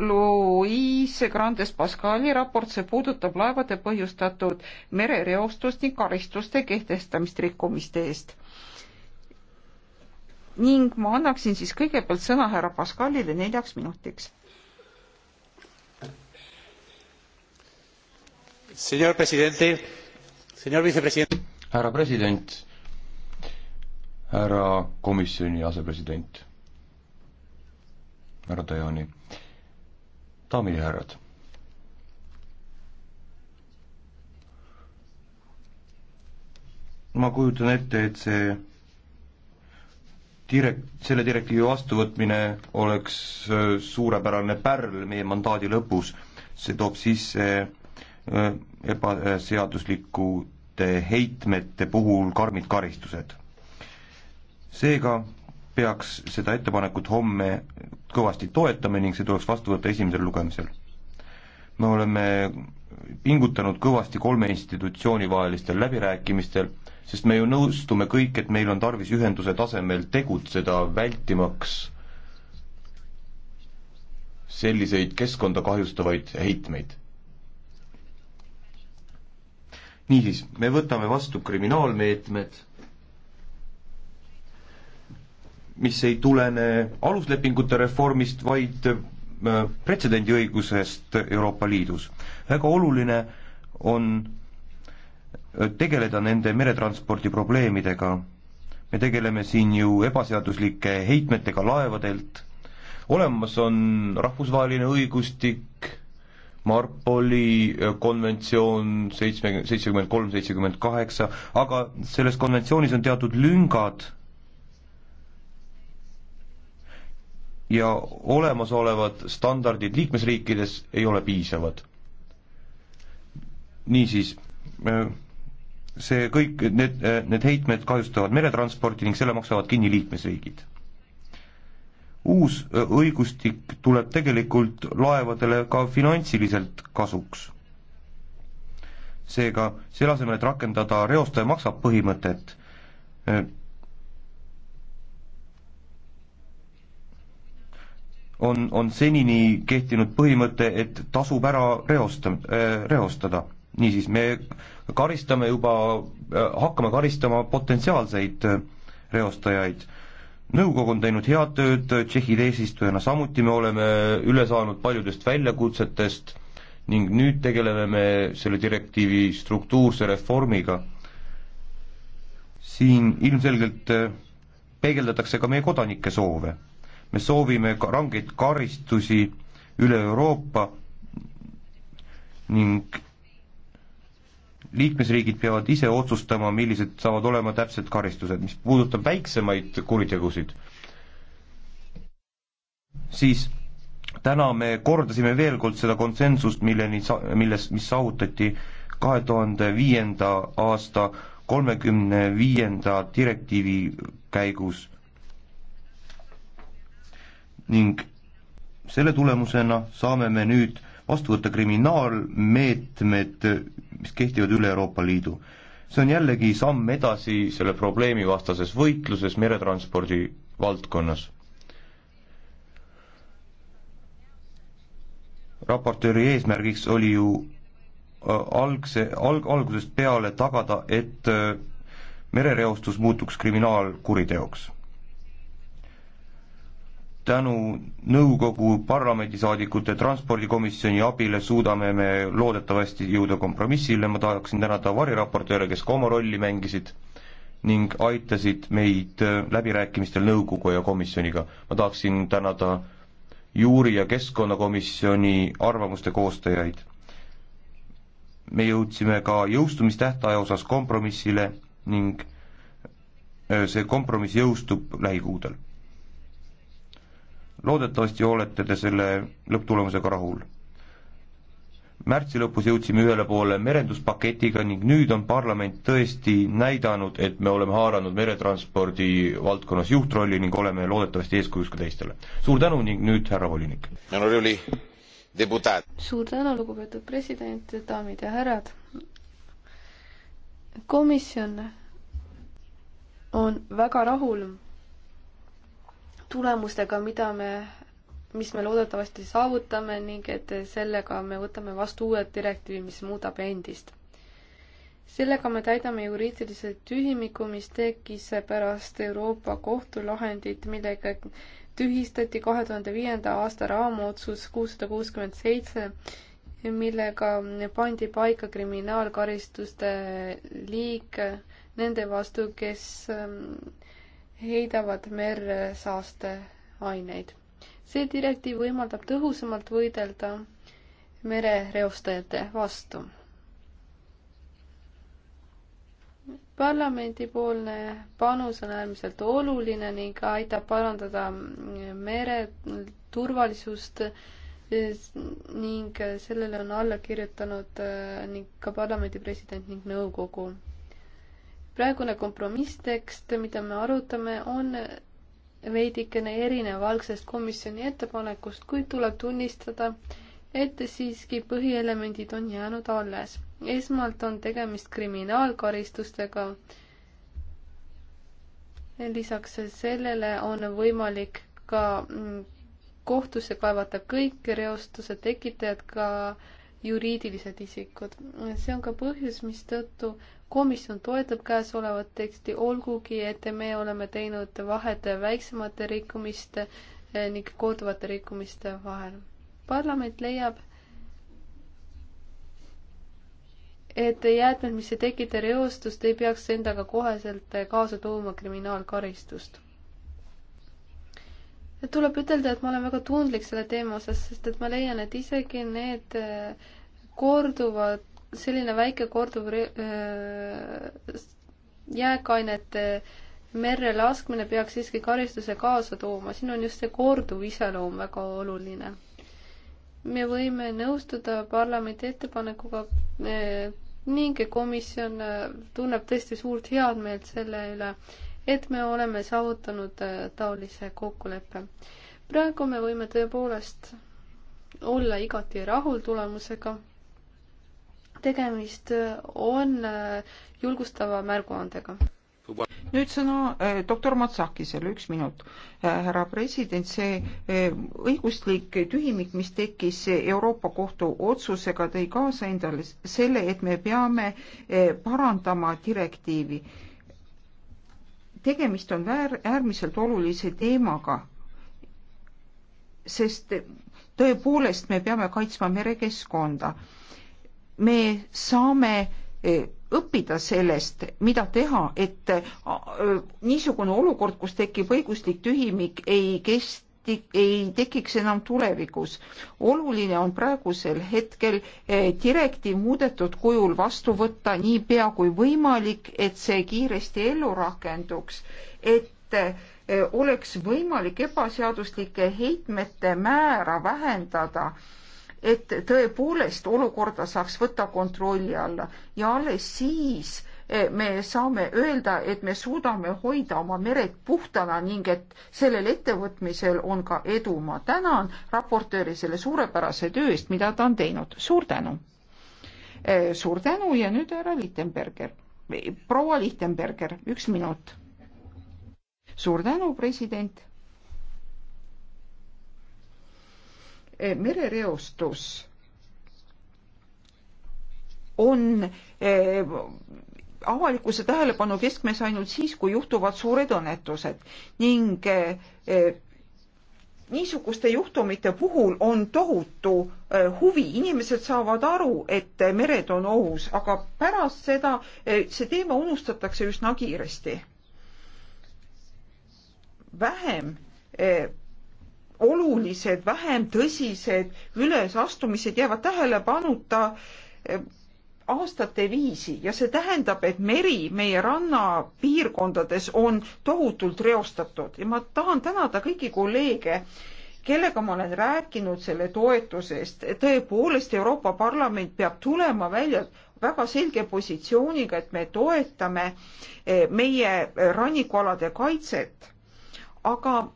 Louise Grandes Pascali raport, see puudutab laevade põhjustatud merereostust ning karistuste kehtestamist rikkumiste eest. ning ma annaksin siis kõigepealt sõna härra Pascalile neljaks minutiks. Señor presidente, señor vicepresidente. härra president, härra komisjoni asepresident, härra Tajani daamid ja härrad. ma kujutan ette, et see direk-, selle direktiivi vastuvõtmine oleks äh, suurepärane pärl meie mandaadi lõpus, see toob sisse äh, ebaseaduslikude heitmete puhul karmid karistused. seega peaks seda ettepanekut homme kõvasti toetama ning see tuleks vastu võtta esimesel lugemisel. me oleme pingutanud kõvasti kolme institutsiooni vahelistel läbirääkimistel, sest me ju nõustume kõik, et meil on tarvis ühenduse tasemel tegutseda, vältimaks selliseid keskkonda kahjustavaid heitmeid. niisiis, me võtame vastu kriminaalmeetmed mis ei tulene aluslepingute reformist, vaid äh, pretsedendiõigusest Euroopa Liidus. väga oluline on äh, tegeleda nende meretranspordi probleemidega. me tegeleme siin ju ebaseaduslike heitmetega laevadelt, olemas on rahvusvaheline õigustik, Marpoli äh, konventsioon seitsme, seitsekümmend kolm, seitsekümmend kaheksa, aga selles konventsioonis on teatud lüngad ja olemasolevad standardid liikmesriikides ei ole piisavad. niisiis, äh, see kõik, need, äh, need heitmed kahjustavad meretransporti ning selle maksavad kinni liikmesriigid. uus äh, õigustik tuleb tegelikult laevadele ka finantsiliselt kasuks. seega, selle asemel, et rakendada reostaja maksab põhimõtet, on, on senini kehtinud põhimõte, et tasub ära reosta-, äh, reostada. niisiis, me karistame juba, äh, hakkame karistama potentsiaalseid äh, reostajaid. nõukogu on teinud head tööd, Tšehhid eesistujana samuti, me oleme üle saanud paljudest väljakutsetest ning nüüd tegeleme me selle direktiivi struktuurse reformiga. siin ilmselgelt peegeldatakse ka meie kodanike soove me soovime ka rangeid karistusi üle Euroopa ning liikmesriigid peavad ise otsustama, millised saavad olema täpsed karistused, mis puudutab väiksemaid kuritegusid, siis täna me kordasime veel kord seda konsensust, milleni sa-, milles, mis saavutati kahe tuhande viienda aasta kolmekümne viienda direktiivi käigus ning selle tulemusena saame me nüüd vastu võtta kriminaalmeetmed, mis kehtivad üle Euroopa Liidu. see on jällegi samm edasi selle probleemi vastases võitluses meretranspordi valdkonnas. raportööri eesmärgiks oli ju äh, algse, alg-, algusest peale tagada, et äh, merereostus muutuks kriminaalkuriteoks tänu nõukogu parlamendisaadikute transpordikomisjoni abile suudame me loodetavasti jõuda kompromissile, ma tahaksin tänada variraportööre, kes ka oma rolli mängisid ning aitasid meid läbirääkimistel nõukogu ja komisjoniga. ma tahaksin tänada juuri- ja keskkonnakomisjoni arvamuste koostajaid. me jõudsime ka jõustumistähtaja osas kompromissile ning see kompromiss jõustub lähikuudel loodetavasti olete te selle lõpptulemusega rahul. märtsi lõpus jõudsime ühele poole merenduspaketiga ning nüüd on parlament tõesti näidanud, et me oleme haaranud meretranspordi valdkonnas juhtrolli ning oleme loodetavasti eeskujuks ka teistele. suur tänu ning nüüd härra volinik. suur tänu, lugupeetud president, daamid ja härrad. komisjon on väga rahul tulemustega, mida me, mis me loodetavasti saavutame ning et sellega me võtame vastu uue direktiivi, mis muudab endist. sellega me täidame juriidilise tühimiku, mis tekkis pärast Euroopa Kohtu lahendit, millega tühistati kahe tuhande viienda aasta raamotsus kuussada kuuskümmend seitse, millega pandi paika kriminaalkaristuste liik nende vastu, kes heidavad merre saasteaineid. see direktiiv võimaldab tõhusamalt võidelda merereostajate vastu. parlamendipoolne panus on äärmiselt oluline ning aitab parandada mere turvalisust eh, ning sellele on alla kirjutanud eh, ning ka parlamendi president ning nõukogu praegune kompromisstekst, mida me arutame, on veidikene erinev algsest komisjoni ettepanekust, kuid tuleb tunnistada, et siiski põhielemendid on jäänud alles. esmalt on tegemist kriminaalkaristustega. lisaks sellele on võimalik ka mm, kohtusse kaevata kõik reostuse tekitajad, ka äh, juriidilised isikud. see on ka põhjus, mistõttu komisjon toetab käesolevat teksti, olgugi et me oleme teinud vahet väiksemate rikkumiste eh, ning korduvate rikkumiste vahel. parlament leiab, et jäätmed, mis ei tekita reostust, ei peaks endaga koheselt eh, kaasa tooma kriminaalkaristust tuleb ütelda, et ma olen väga tundlik selle teema osas, sest et ma leian, et isegi need äh, korduvad, selline väike korduv äh, jääkainete äh, merre laskmine peaks siiski karistuse kaasa tooma, siin on just see korduv iseloom väga oluline. me võime nõustuda parlamendi ettepanekuga ning komisjon tunneb tõesti suurt heameelt selle üle, et me oleme saavutanud äh, taolise kokkuleppe. praegu me võime tõepoolest olla igati rahul tulemusega. tegemist äh, on äh, julgustava märguandega nüüd sõna äh, doktor Matsakisele, üks minut äh,. härra president, see äh, õiguslik tühimik, mis tekkis Euroopa Kohtu otsusega, tõi kaasa endale selle, et me peame parandama direktiivi tegemist on väär, äärmiselt olulise teemaga, sest tõepoolest me peame kaitsma merekeskkonda. me saame e, õppida sellest, mida teha, et e, niisugune olukord, kus tekib õiguslik tühimik, ei kest-, ei tekiks enam tulevikus. oluline on praegusel hetkel eh, direktiiv muudetud kujul vastu võtta niipea kui võimalik, et see kiiresti ellu rakenduks, et eh, oleks võimalik ebaseaduslike heitmete määra vähendada et tõepoolest olukorda saaks võtta kontrolli alla ja alles siis Eh, me saame öelda, et me suudame hoida oma mered puhtana ning et sellel ettevõtmisel on ka edu. ma tänan raportööri selle suurepärase töö eest, mida ta on teinud. suur tänu! Eh, suur tänu ja nüüd härra Lichtenberger, eh, proua Lichtenberger, üks minut. suur tänu, president. merereostus on avalikkuse tähelepanu keskmes ainult siis, kui juhtuvad suured õnnetused ning eh, eh, niisuguste juhtumite puhul on tohutu eh, huvi, inimesed saavad aru, et mered on ohus, aga pärast seda see teema unustatakse üsna kiiresti. vähem olulised, vähem tõsised ülesastumised jäävad tähelepanuta aastate viisi ja see tähendab, et meri meie rannapiirkondades on tohutult reostatud ja ma tahan tänada kõiki kolleege, kellega ma olen rääkinud selle toetuse eest. tõepoolest, Euroopa Parlament peab tulema välja väga selge positsiooniga, et me toetame eh, meie rannikualade kaitset. aga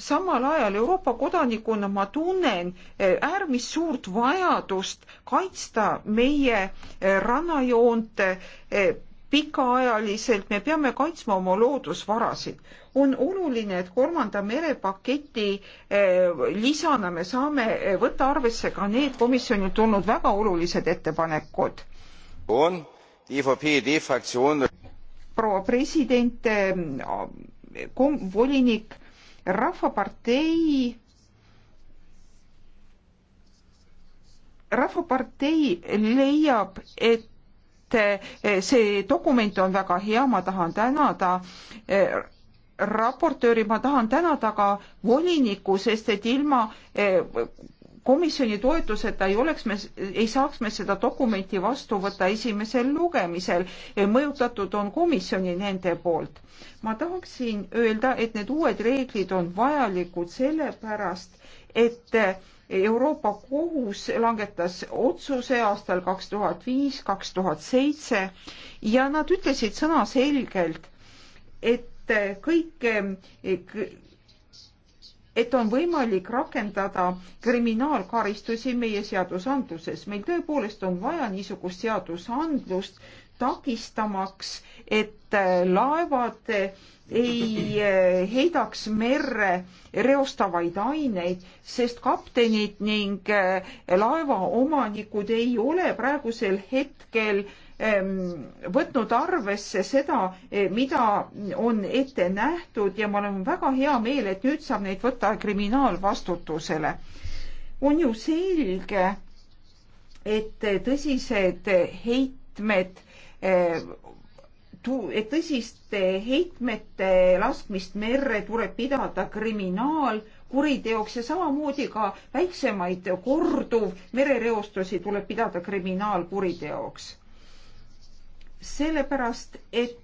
samal ajal Euroopa kodanikuna ma tunnen eh, äärmist suurt vajadust kaitsta meie eh, rannajoont eh, pikaajaliselt, me peame kaitsma oma loodusvarasid. on oluline, et kolmanda merepaketi lisana me saame võtta arvesse ka need komisjonilt tulnud väga olulised ettepanekud. on, EVPD fraktsioon. proua president, kom-, volinik rahvapartei rahvapartei leiab, et eh, see dokument on väga hea, ma tahan tänada eh, raportööri, ma tahan tänada ka volinikku, sest et ilma eh, komisjoni toetuseta ei oleks me, ei saaks me seda dokumenti vastu võtta esimesel lugemisel. mõjutatud on komisjoni nende poolt. ma tahaksin öelda, et need uued reeglid on vajalikud sellepärast, et Euroopa Kohus langetas otsuse aastal kaks tuhat viis, kaks tuhat seitse ja nad ütlesid sõnaselgelt, et kõik et on võimalik rakendada kriminaalkaristusi meie seadusandluses. meil tõepoolest on vaja niisugust seadusandlust takistamaks, et äh, laevad äh, ei äh, heidaks merre reostavaid aineid, sest kaptenid ning laevaomanikud ei ole praegusel hetkel äh, Ähm, võtnud arvesse seda, eh, mida on ette nähtud ja mul on väga hea meel, et nüüd saab neid võtta kriminaalvastutusele. on ju selge, et tõsised heitmed eh, et tõsiste heitmete laskmist merre tuleb pidada kriminaal kuriteoks ja samamoodi ka väiksemaid korduv merereostusi tuleb pidada kriminaalkuriteoks sellepärast, et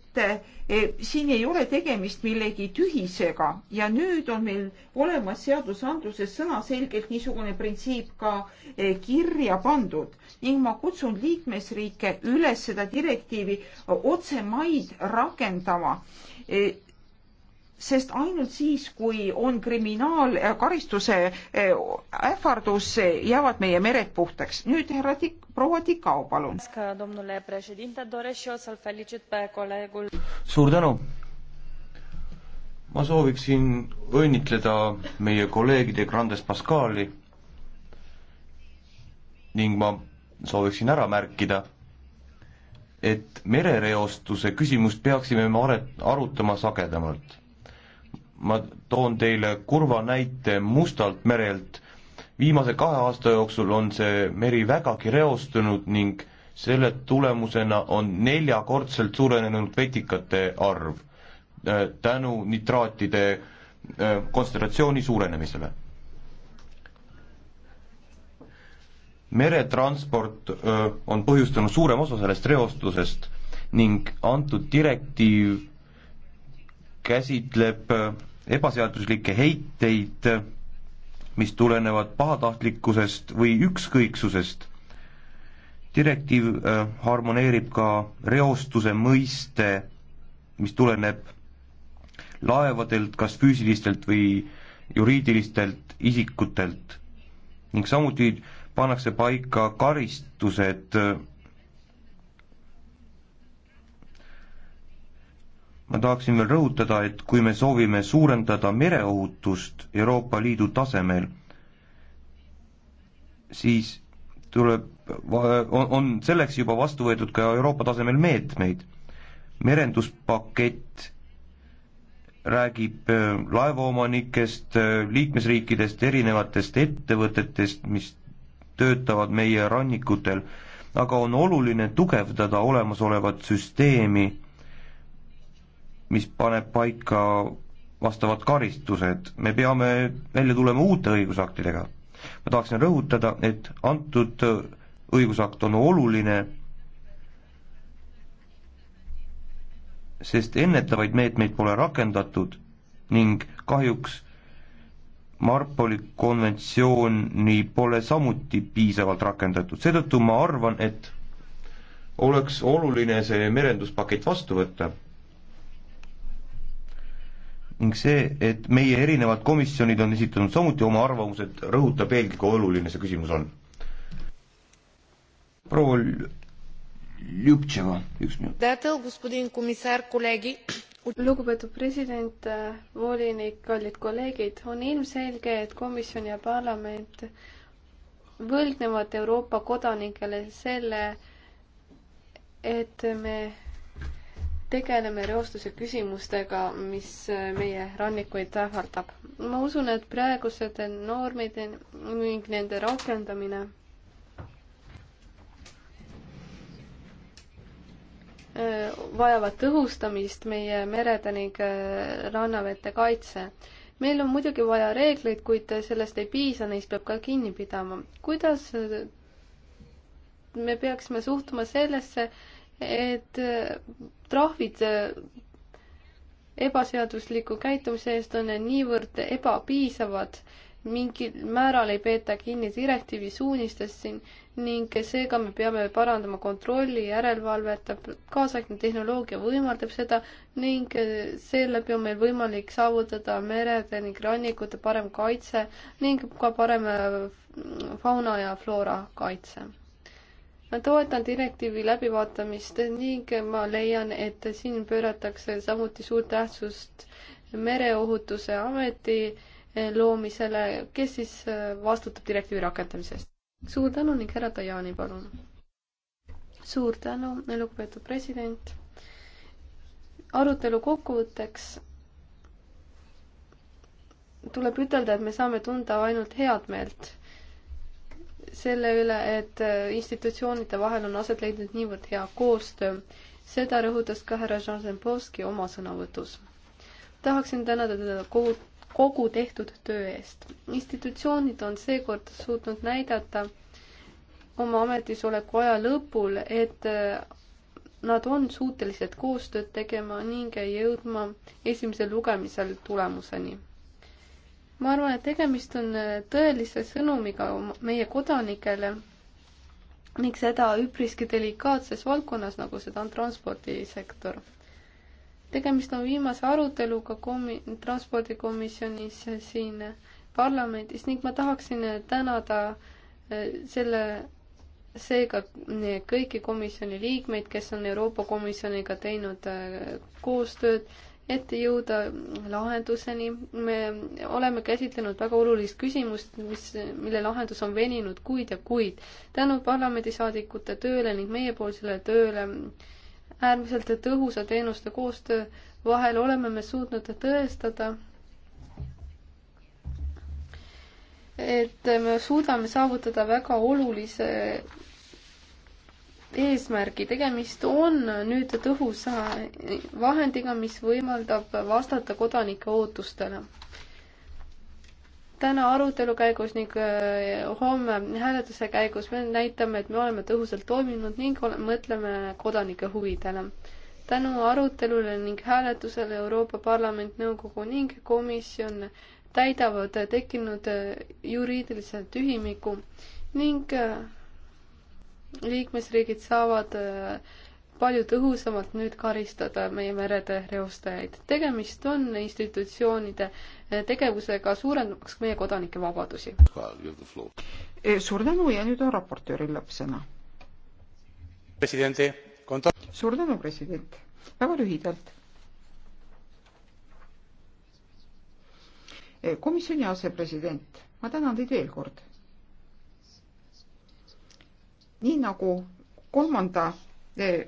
eh, siin ei ole tegemist millegi tühisega ja nüüd on meil olemas seadusandluses sõnaselgelt niisugune printsiip ka eh, kirja pandud ning ma kutsun liikmesriike üles seda direktiivi otsemaid rakendama eh, sest ainult siis, kui on kriminaalkaristuse eh, ähvardus, jäävad meie mered puhtaks. nüüd härra Tik-, proua Tikao, palun. suur tänu. ma sooviksin õnnitleda meie kolleegide Grandes Pascali ning ma sooviksin ära märkida, et merereostuse küsimust peaksime me arutama sagedamalt ma toon teile kurva näite Mustalt merelt. viimase kahe aasta jooksul on see meri vägagi reostunud ning selle tulemusena on neljakordselt suurenenud vetikate arv äh, tänu nitraatide äh, kontsentratsiooni suurenemisele. meretransport äh, on põhjustanud suurem osa sellest reostusest ning antud direktiiv käsitleb äh, ebaseaduslikke heiteid, mis tulenevad pahatahtlikkusest või ükskõiksusest. direktiiv äh, harmoneerib ka reostuse mõiste, mis tuleneb laevadelt, kas füüsilistelt või juriidilistelt isikutelt ning samuti pannakse paika karistused äh, ma tahaksin veel rõhutada, et kui me soovime suurendada mereohutust Euroopa Liidu tasemel, siis tuleb, on, on selleks juba vastu võetud ka Euroopa tasemel meetmeid. merenduspakett räägib äh, laevaomanikest, äh, liikmesriikidest, erinevatest ettevõtetest, mis töötavad meie rannikutel, aga on oluline tugevdada olemasolevat süsteemi mis paneb paika vastavad karistused, me peame välja tulema uute õigusaktidega. ma tahaksin rõhutada, et antud õigusakt on oluline, sest ennetavaid meetmeid pole rakendatud ning kahjuks Marpoli konventsiooni pole samuti piisavalt rakendatud, seetõttu ma arvan, et oleks oluline see merenduspakett vastu võtta ning see, et meie erinevad komisjonid on esitanud samuti oma arvamused, rõhutab eelkõige, kui oluline see küsimus on. proua Ljubtševa, üks minut. lugupeetud president, volinik, kallid kolleegid, on ilmselge, et komisjon ja parlament võlgnevad Euroopa kodanikele selle, et me tegeleme reostuse küsimustega, mis äh, meie rannikuid ähvardab. ma usun, et praegused normid ning nende rakendamine äh, vajavad tõhustamist meie merede ning äh, rannavete kaitse. meil on muidugi vaja reegleid, kuid sellest ei piisa, neist peab ka kinni pidama. kuidas me peaksime suhtuma sellesse, et äh, trahvid äh, ebaseadusliku käitumise eest on niivõrd ebapiisavad, mingil määral ei peeta kinni direktiivi suunistest siin ning seega me peame parandama kontrolli, järelevalvet, kaasaegne tehnoloogia võimaldab seda ning äh, seeläbi on meil võimalik saavutada merede ning rannikute parem kaitse ning ka parem fauna ja floora kaitse ma toetan direktiivi läbivaatamist ning ma leian, et siin pööratakse samuti suurt tähtsust mereohutuse ameti loomisele, kes siis vastutab direktiivi rakendamisest. suur tänu ning härra Tajani, palun. suur tänu, lugupeetud president. arutelu kokkuvõtteks tuleb ütelda, et me saame tunda ainult head meelt selle üle, et äh, institutsioonide vahel on aset leidnud niivõrd hea koostöö. seda rõhutas ka härra Žansenpovski oma sõnavõtus. tahaksin tänada teda kogu, kogu tehtud töö eest. institutsioonid on seekord suutnud näidata oma ametisoleku aja lõpul, et äh, nad on suutelised koostööd tegema ning jõudma esimesel lugemisel tulemuseni ma arvan, et tegemist on äh, tõelise sõnumiga meie kodanikele ning seda üpriski delikaatses valdkonnas, nagu seda on transpordisektor. tegemist on viimase aruteluga komi-, transpordikomisjonis äh, siin äh, parlamendis ning ma tahaksin tänada selle, seega kõiki komisjoni liikmeid, kes on Euroopa Komisjoniga teinud koostööd et jõuda lahenduseni. me oleme käsitlenud väga olulist küsimust, mis, mille lahendus on veninud kuid ja kuid. tänu parlamendisaadikute tööle ning meiepoolsele tööle äärmiselt tõhusa teenuste koostöö vahel oleme me suutnud tõestada, et me suudame saavutada väga olulise eesmärgi. tegemist on nüüd tõhusa vahendiga, mis võimaldab vastata kodanike ootustele. täna arutelu käigus ning äh, homme hääletuse käigus me näitame, et me oleme tõhusalt toiminud ning mõtleme kodanike huvidele. tänu arutelule ning hääletusele Euroopa Parlament, Nõukogu ning komisjon täidavad tekkinud äh, juriidilise tühimiku ning äh, liikmesriigid saavad äh, palju tõhusamalt nüüd karistada meie merede reostajaid. tegemist on institutsioonide äh, tegevusega, suurendamaks meie kodanike vabadusi. Eh, suur tänu ja nüüd on raportööril lõppsõna. suur tänu, president. väga lühidalt. Eh, komisjoni asepresident, ma tänan teid veel kord nii nagu kolmanda eh,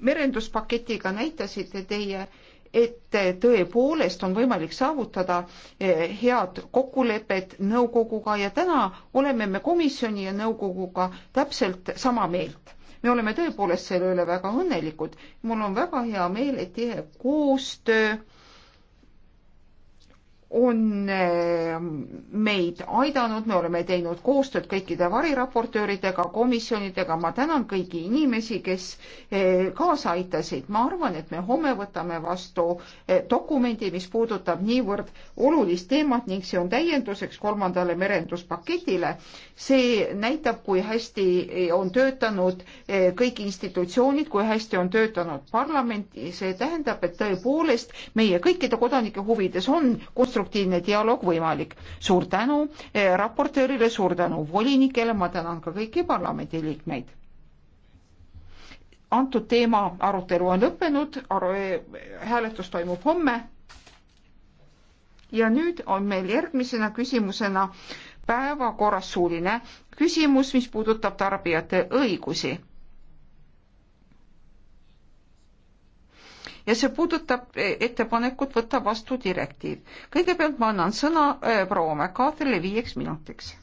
merenduspaketiga näitasite teie, et eh, tõepoolest on võimalik saavutada eh, head kokkulepet nõukoguga ja täna oleme me komisjoni ja nõukoguga täpselt sama meelt. me oleme tõepoolest selle üle väga õnnelikud. mul on väga hea meel, et tihe koostöö on ehm, meid aidanud, me oleme teinud koostööd kõikide variraportööridega, komisjonidega, ma tänan kõiki inimesi, kes eh, kaasa aitasid, ma arvan, et me homme võtame vastu eh, dokumendi, mis puudutab niivõrd olulist teemat ning see on täienduseks kolmandale merenduspaketile. see näitab, kui hästi eh, on töötanud kõik institutsioonid, kui hästi on töötanud parlament, see tähendab, et tõepoolest meie kõikide kodanike huvides on konstruktiivne konstruktiivne dialoog võimalik. suur tänu eh, raportöörile, suur tänu volinikele, ma tänan ka kõiki parlamendiliikmeid. antud teema arutelu on lõppenud, eh, hääletus toimub homme. ja nüüd on meil järgmisena küsimusena päevakorras suuline küsimus, mis puudutab tarbijate õigusi ja see puudutab e, ettepanekut võtta vastu direktiiv. kõigepealt ma annan sõna e, proua MacArthurile viieks minutiks